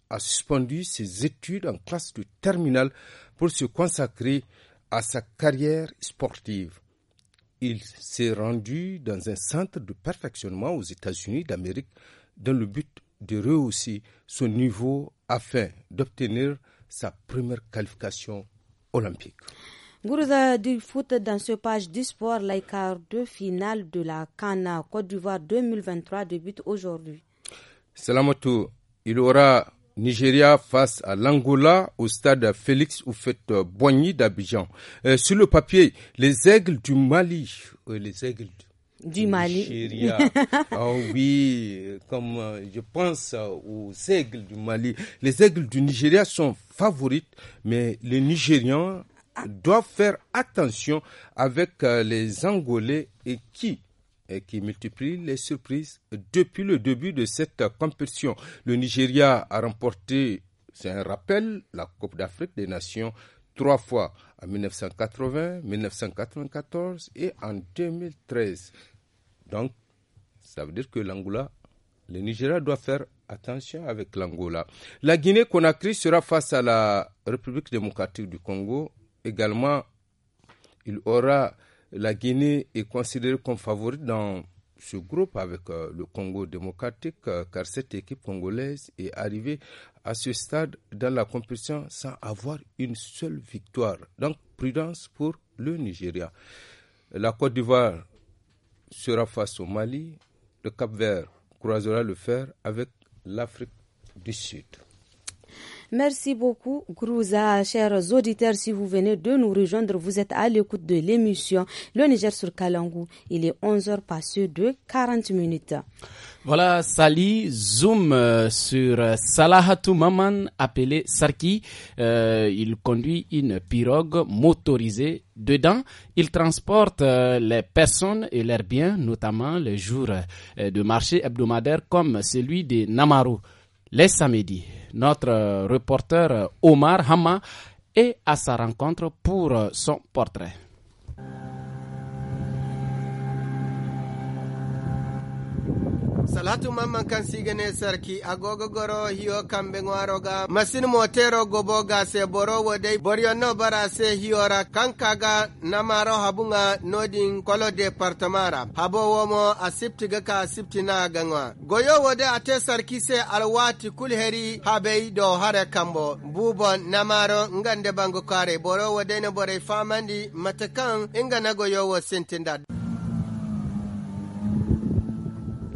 a suspendu ses études en classe de terminale pour se consacrer à sa carrière sportive. Il s'est rendu dans un centre de perfectionnement aux États-Unis d'Amérique dans le but de rehausser son niveau afin d'obtenir sa première qualification olympique. Gourza du foot dans ce page du sport, l'écart de finale de la Cana Côte d'Ivoire 2023 débute aujourd'hui. Salamato, il aura Nigeria face à l'Angola au stade Félix Oufette Boigny d'Abidjan. Euh, sur le papier, les aigles du Mali, euh, les aigles du Mali. [LAUGHS] Ah oui, comme euh, je pense euh, aux aigles du Mali. Les aigles du Nigeria sont favorites, mais les Nigérians doivent faire attention avec euh, les Angolais et qui et qui les surprises depuis le début de cette compétition. Le Nigeria a remporté, c'est un rappel, la Coupe d'Afrique des Nations trois fois en 1980, 1994 et en 2013. Donc, ça veut dire que l'Angola, le Nigeria doit faire attention avec l'Angola. La Guinée-Conakry sera face à la République démocratique du Congo. Également, il aura la Guinée est considérée comme favorite dans ce groupe avec euh, le Congo démocratique, euh, car cette équipe congolaise est arrivée à ce stade dans la compétition sans avoir une seule victoire. Donc, prudence pour le Nigeria. La Côte d'Ivoire sera face au Mali, le Cap Vert croisera le fer avec l'Afrique du Sud. Merci beaucoup, Grouza. Chers auditeurs, si vous venez de nous rejoindre, vous êtes à l'écoute de l'émission Le Niger sur Kalangou. Il est 11h passé de 40 minutes. Voilà, Sali, zoom euh, sur Salahatou Maman, appelé Sarki. Euh, il conduit une pirogue motorisée Dedans, Il transporte euh, les personnes et leurs biens, notamment les jours de marché hebdomadaire comme celui des Namaru, les samedis. Notre euh, reporter euh, Omar Hama est à sa rencontre pour euh, son portrait. salatu mamman kan sigene sarki agogo goro hiyo kambe ngwaroga masin motero gobo ga se boro wode boryo no bara se hiyora kankaga namaro habunga nodin kolo departamara habo womo asiptiga ka na gangwa goyo wode ate sarki se alwati kulheri habei do hare kambo bubo namaro ngande bango kare boro wode ne bore famandi matakan inga nagoyo wo sentinda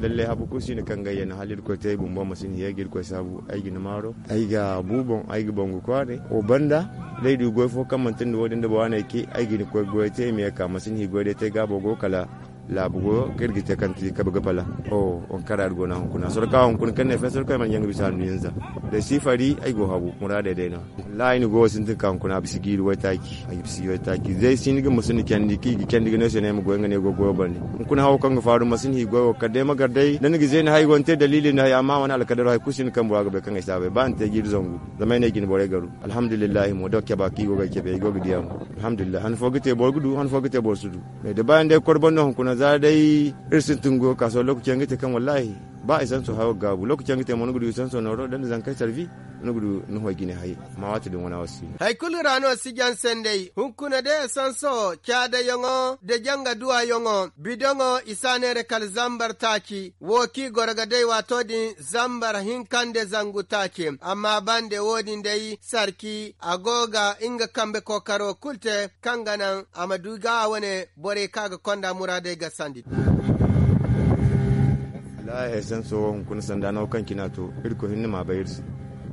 lalle habu kusi ne kan gayyana halil ko tay bumba masin ya gir ko sabu ay gina maro ay ga bubon ay ga bongo kware o banda dai du goy fo kan mantin da wadin da bawana ke ay gina ko goy tay me ka masin hi goy tay ga bogo kala labugo kirgite kanti kabuga pala o on karar gona kuna sor ka hon kun kan ne fe sor ka man yang bisa nu yanza da sifari ay go habu murade de na lain go sin tin kan kuna bisi giri ay ai bisi wataki zai sin ga musun kan diki ki kan diga ne se ne mu go ngane go go bani hon kun hawo kan faru musun hi go ka de magar dai nan ga zai na hai gonte dalili na ya ma wana al kadar hai kusin kan buwa ga be kan isa be ban te giri zangu zamai ne gin bore garu alhamdulillah mo dokke ba ki go ga ke be go gidiyamu alhamdulillah han fogete fogite gudu han fogete fogite sudu de ban de korbon no kuna za dai irsin tungo kasuwar lokacin gita kan wallahi ba isan so hawa gabu lokacin gite mun gudu isan so noro dan zan kai sarvi mun gudu nu hoy gine hay ma wata dun wana wasi hai kulu rano si jan sendei hunkuna de isan so kya da yongo de janga duwa yongo bidongo isanere kal zambar taki woki goraga dai wato din zambar hinkande zangu taki amma bande wodin dai sarki agoga inga kambe kokaro kulte kanganan amaduga wane bore kaga konda murade ga sandi aya eh, sen so kun da na kan kina to irko ni ma bayirsi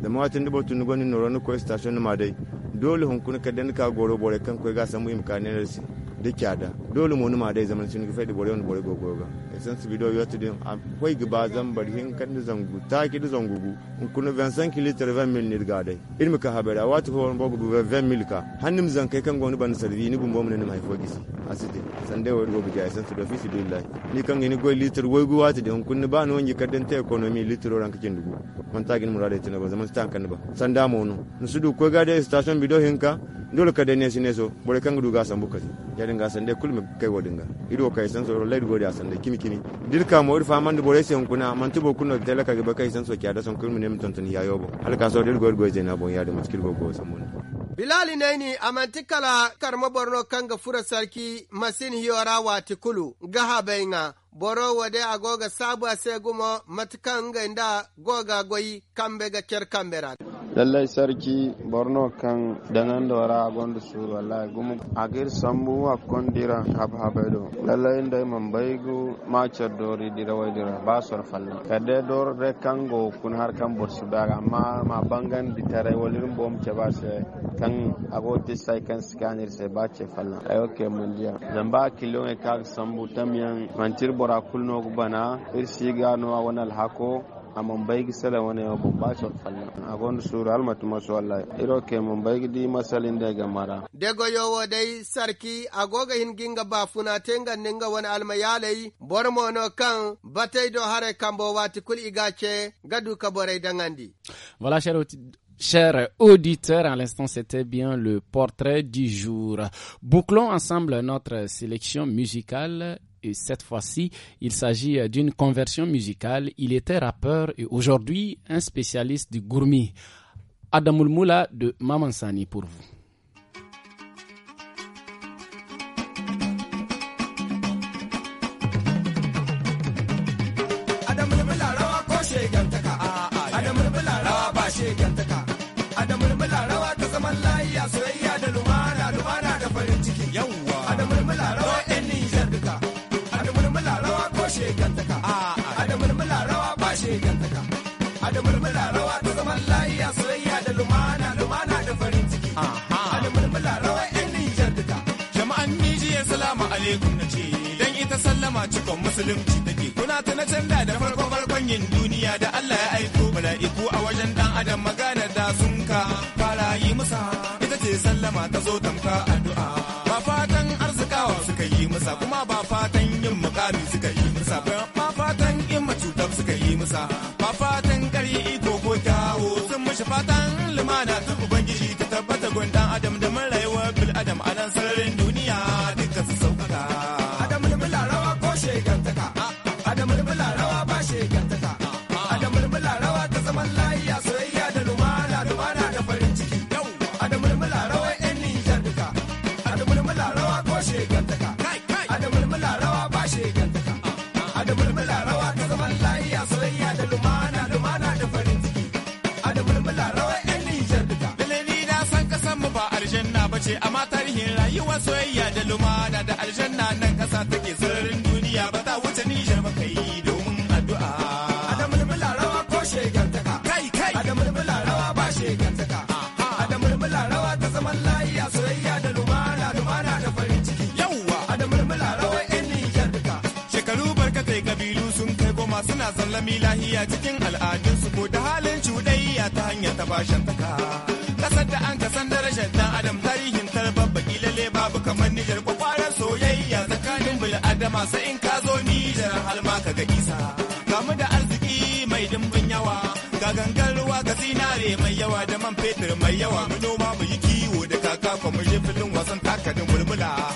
da ma watin dubo tun goni noro ni ko station ni ma dai dole hun kun dan ka goro bore kan ko ga samu ne rasi da da dole mu ma dai zaman sun fadi bore wani bore gogo ga eh, san su bido yotu din akwai giba zan bari hin kan da zangu ta ki da zangugu hun kun 25 litre 20 mil ni ga dai mu ka habara watu ho bogo 20 mil ka hannim zan kai kan goni ban sarvi ni bumbo mun ni mai fogisi asite sande wo go bijay san to fi sidilla ni kan ni go litre wo go wati don kunni ba no ngi kadden te economy litre ran kicin dugu man tagin murade tina ba zaman stan kan ba sanda mo no nsudu ko ga de station bido hinka dole ka de ne sine so bore kan du gasa san buka ya dinga sande kulmi kai wo dinga ido kai san so lai go da sande kimi kimi dirka mo irfa man bore sen kuna man tubo kuno tele ka ga kai san so kya da san kulmi ne mutantani yayo bo halka so dir go go je na bon ya da mutkil go go samun Bilali naini amantikala karma borno kanga fura sarki masin hiyora tikulu gaha benga boro a goga sabu a ase gumo ga inda goga goyi kambe ga ker ra. lallai sarki borno kan danan da wara agon da su wallahi gumu gir sambu akon dira hab habedo lallai inda man gu macer dori dira wai dira ba sor falla kade dor re go kun har kan borsu daga amma ma bangan tare walirin bom ce ba se kan agoti sai kan scanner se ba ce falla ayo ke mundiya zamba kilon e kag sambu tamiyan mantir bora kulno bana irsi gano wanal hako amon baigi sala wani yau bumba so falna agon sura almatu masu Allah iro ke mun baigi di masalin da ga mara dego yowo dai sarki agoga hin ginga ba funa tenga ninga wani almayalai bormo no kan batay do hare kambo wati kul igache gadu ka borai dangandi voilà cher Chers auditeurs, à l'instant c'était bien le portrait du jour. Bouclons ensemble notre sélection musicale et cette fois-ci, il s'agit euh, d'une conversion musicale. Il était rappeur et aujourd'hui un spécialiste du gourmet. Adamoul Moula de Mamansani pour vous. mai jantaka rawa ta zaman lahiya soyayya da lumana lumana da farin ciki adamar muna rawa yan nijar duka jama'an ya salamu alaikum na ce dan ita sallama cikon musulunci take kuna ta na canza da farko farkon yin duniya da Allah ya aiko mala'iku a wajen dan adam magana da sun ka fara yi musa ita ce sallama ta zo tamka Masu sai in ka zo da har ma ka ga isa. Kamu da arziki mai dimbin yawa, ga gangan ruwa ga zinare mai yawa da man fetur mai yawa mu noma mu yi kiwo da kaka mu je filin wasan takadin mulmula.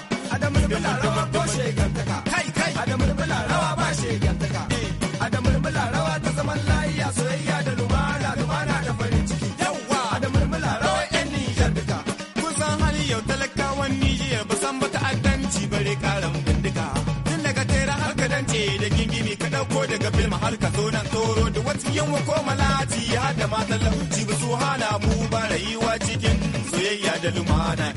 ko malati ya da matan lauci ba su hana mu ba rayuwa cikin soyayya da lumana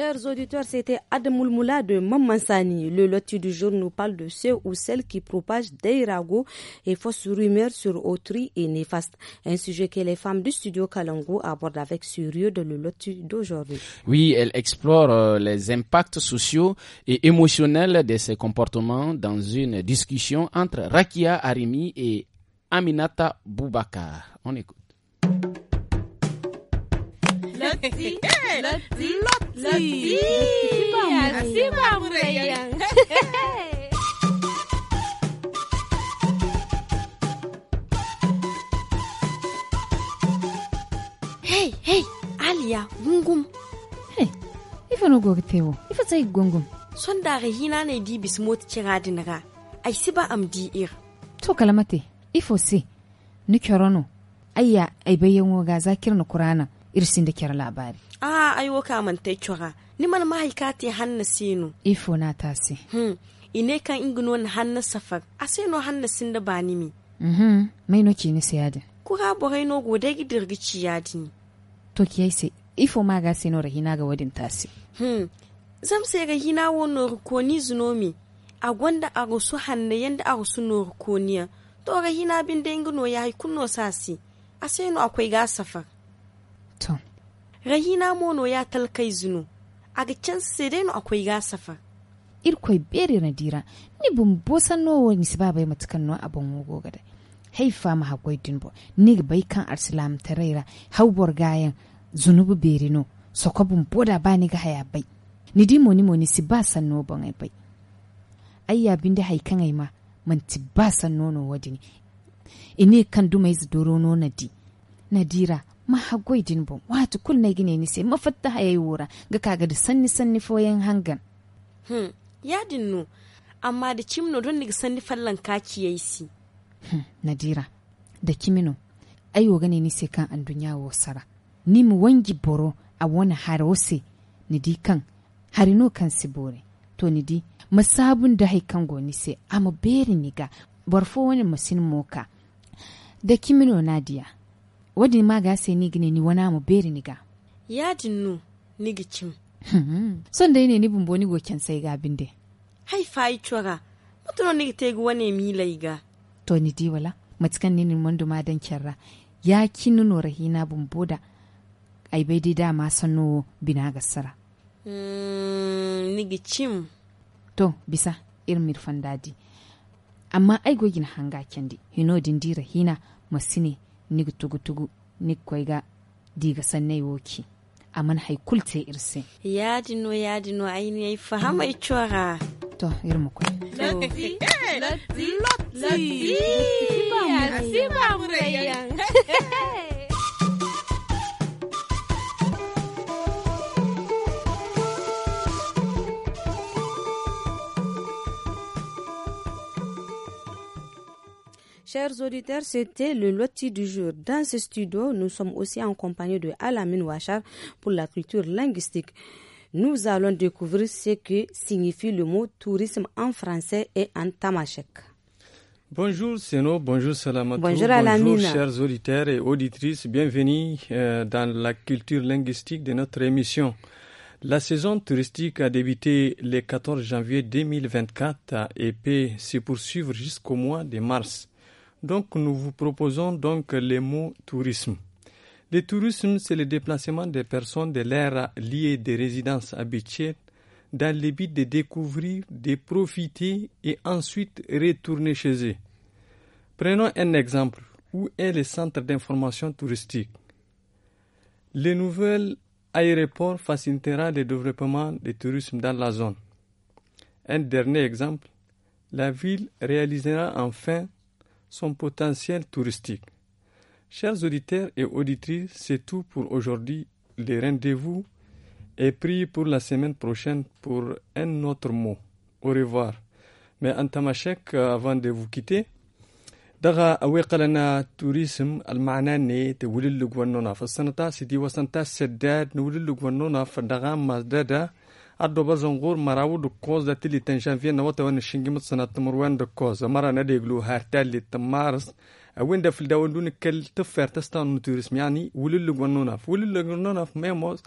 Chers auditeurs, c'était Moula de Mamansani. Le lotu du jour nous parle de ceux ou celles qui propagent des ragots et fausses rumeurs sur autrui et néfastes. Un sujet que les femmes du studio Kalango abordent avec sérieux dans le lotu d'aujourd'hui. Oui, elles explorent euh, les impacts sociaux et émotionnels de ces comportements dans une discussion entre Rakia Arimi et Aminata Boubakar. On écoute. Loti, Loti, Loti, Simba Murayan. Hey, hey, Alia, gungum. Hey, ifa no go tewo. Ifa sai gungum. Son da hina ne di bismot kira dinaga. Ai siba am di ir. To kalamate, ifo si. Ni kyorono. Ayya, ai bayan waga zakir na Kurana. irsin da kyar labari. Ah, aiwo ka ta cewa ni man mahaika te hannu sinu. Ifo na tasi. Hmm. Ine kan ingino na hannu safar, a sai no hannu sin da ba ni mi. Mhm, mai no kini sai yadin. Ku ga borai no gode gidirgi ci yadin. To kiyai sai, ifo ma ga sai no rahina ga wadin tasi. Hmm. Zam sai rahina wo no rukoni zunomi. A gwanda a rusu hannu yanda a rusu no rukoniya. To rahina bin da ingino ya sa sasi. A sai no akwai ga safar. rahina mono ya talkai zunu a can sedeno akwai gasafa irkoi beri na dira ni bun bosa nowa ni siba bai matukan no abon wogo gada haifa ma hakoi dinbo ni bai kan arsilam taraira haubor gayan zunubu beri no soko bun boda ba ni ga haya bai ni di moni moni si ba san no bon ai bai ayya bin da haikan ai ma man ti ba san nono wadi ni ine kan duma yi doro no na di dira ma hagoy dinbo wato kul na gine ni sai mafatta wura ga kaga da sanni sanni foyen hangan hmm ya dinno amma da kimno don ni sanni fallan kaki yayi si hmm. nadira da kimino ayo gane ni sai kan an dunya wo ni mu wangi boro a wani harose ni di kan harino kan si bore to ni di masabun da haikan goni sai amma beri ni ga barfo wani masin moka da kimino nadia. wadi ma ga sai ni gine ni wana mu beri ni ga ya jinnu ni gicim hmm, hmm. son dai ne ni bumbo ni goken sai ga binde hai fai chwaga mutuno ni te gu wane mi lai ga to ni di wala matikan ni ni mondu ma dan kyarra ya kinu no rahina bumbo da ai bai di dama sanu bina ga sara mm, ni gicim to bisa irin mirfan dadi amma ai gogin hanga kendi hino dindira hina masine nig tugutugu nig koyga diga sannai woki aman hay kulte irse yadino yadino ayni fahama ichora to irmu koy lati lati lati lati Chers auditeurs, c'était le loti du jour. Dans ce studio, nous sommes aussi en compagnie de Alamine Wachar pour la culture linguistique. Nous allons découvrir ce que signifie le mot tourisme en français et en tamashek. Bonjour Seno, bonjour Salamatou, bonjour, bonjour chers auditeurs et auditrices, bienvenue euh, dans la culture linguistique de notre émission. La saison touristique a débuté le 14 janvier 2024 et peut se poursuivre jusqu'au mois de mars. Donc, nous vous proposons donc les mots tourisme. Le tourisme, c'est le déplacement des personnes de l'air lié des résidences habituelles dans le but de découvrir, de profiter et ensuite retourner chez eux. Prenons un exemple. Où est le centre d'information touristique Le nouvel aéroport facilitera le développement du tourisme dans la zone. Un dernier exemple. La ville réalisera enfin son potentiel touristique. Chers auditeurs et auditrices, c'est tout pour aujourd'hui. Les rendez-vous est pris pour la semaine prochaine pour un autre mot. Au revoir. Mais en tamashek, avant de vous quitter, دغا أويقلنا توريسم المعنى ني تولل لقوانونا فالسنة سيدي وسنتا سداد نولل fa فدغا madada ado bazangur marawu du koza tili tan janvier na wata wani shingi mutsana tumur wanda koza mara na deglu hartali tamars winda fil dawan duni kal tafar tastan nu turism yani wululug wannunaf wululug wannunaf memos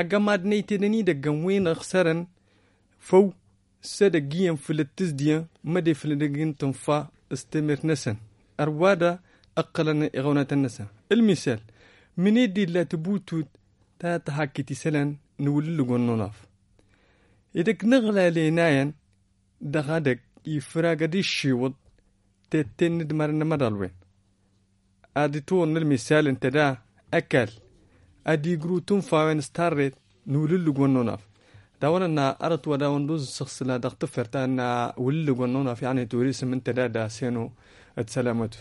agamad neytidani da gamwena khsaran fow sada giyan filatis diyan made filidagin tunfa istemir nasan arwada aqalana iqawnatan nasan المثال من يدي لا تبوتو تا تحكي تسلان نولي لغنوناف إذاك نغلى لينايا دا غادك يفرا غادي الشيوط تتن دمرنا مدالوين أدي تون المثال انت دا أكل أدي قرو تنفا وين ستاريت نولل قنوناف داونا نا أرت ودا وندوز سخصلا دا اختفرتا نا ولل قنوناف يعني توريسم انت دا دا سينو اتسلامتو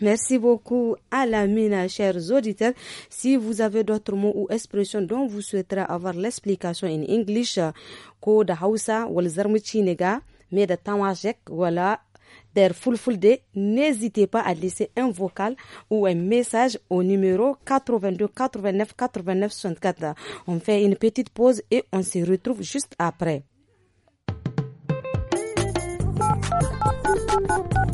Merci beaucoup à la Mina chers auditeurs. Si vous avez d'autres mots ou expressions dont vous souhaiterez avoir l'explication en English, Hausa, n'hésitez pas à laisser un vocal ou un message au numéro 82 89 89 64. On fait une petite pause et on se retrouve juste après.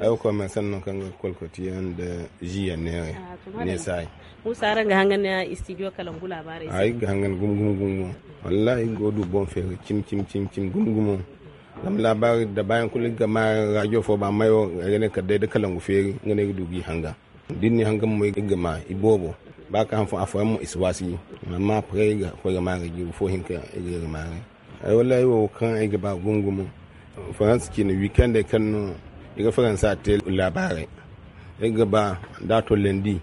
ayo ko men sanno kanga kolkoti yande jiya ne ah, ne sai musa ranga hangan na studio kalangu labarai ai hangan gum gum gum wallahi godu bon fe cim cim cim cim gum gum lam labari da bayan kulli gama radio fo ba mayo ne kadai da kalangu fe ngane dubi hanga din dinni hanga mo gama ibobo baka hanfo afo mo iswasi ma pre ga ko gama ga ju fo ka ga e gama ai wallahi wo kan ai e gaba gum gum france ki ne weekend e kan referensa a te labarai ga ba da dato lendi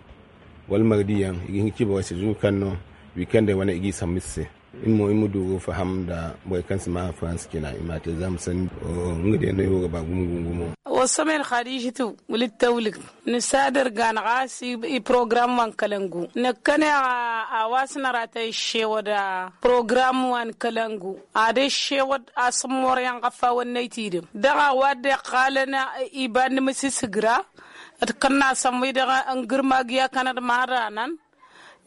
wal mardiyan igin kibo wasu zukan no weekend wani igi samise in mu mu dogo faham da boy kan sama france kina ima te zam san oh, ngi de no yo ga bagum gumu o samel khadiji tu ulit tawlik ni sadar gan gasi i program wan kalangu ne kane a wasna rata shewa da program wan kalangu a de shewa asmor yan gafa wannan tidim daga wadde qalana iban misisigra at kanna samwi daga an girma giya kanar maranan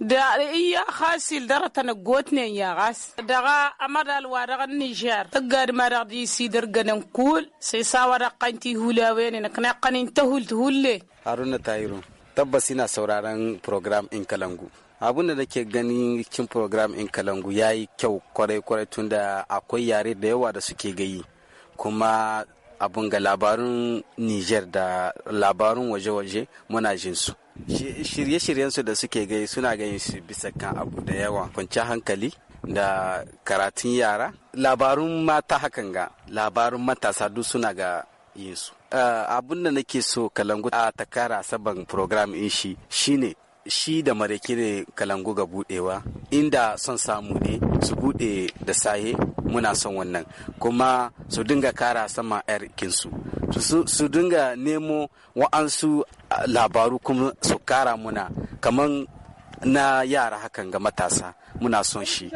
da iya hasil dara tana gotnen ya gas daga amadal wa daga niger tagad marar di sidar ganan kul sai sawara kanti hulawe ne kana kanin ta hul hulle haruna tayiro tabbas ina sauraron program in kalangu abun da nake gani cikin program in kalangu yayi kyau kwarai kwarai tunda akwai yare da yawa da suke gayi kuma abun ga labarun niger da labarun waje-waje muna jinsu shirye-shiryensu da suke gai suna ganin su bisa kan abu da yawa kwanciyar hankali da karatun yara labarun mata hakan ga labarun matasa duk suna ga yinsu eh, abin da nake so kalangu a takara saban program in shi shine shi da mareke ne kalangu ga budewa inda son samu ne su bude da saye muna son wannan kuma su dinga kara sama yarkinsu su dinga nemo wa'ansu labaru kuma su kara muna kamar na yara hakan ga matasa muna son shi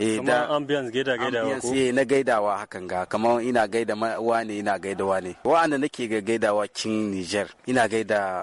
eh da ambiance gaida gaidawa ko eh na gaidawa hakan ga kamar ina gaida wa ne ina gaida wa ne wa'anda nake ga gaidawa kin Niger ina gaida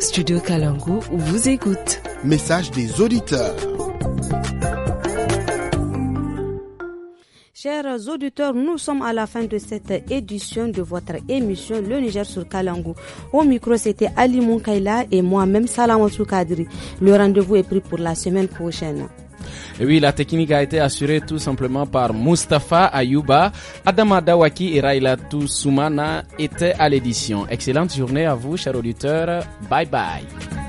Studio Kalangu vous écoute. Message des auditeurs. Chers auditeurs, nous sommes à la fin de cette édition de votre émission Le Niger sur Kalangu. Au micro, c'était Ali Moukaila et moi-même Salamatou Kadri. Le rendez-vous est pris pour la semaine prochaine oui, la technique a été assurée tout simplement par Mustafa Ayuba. Adama Dawaki et Raila Soumana étaient à l'édition. Excellente journée à vous, chers auditeurs. Bye bye.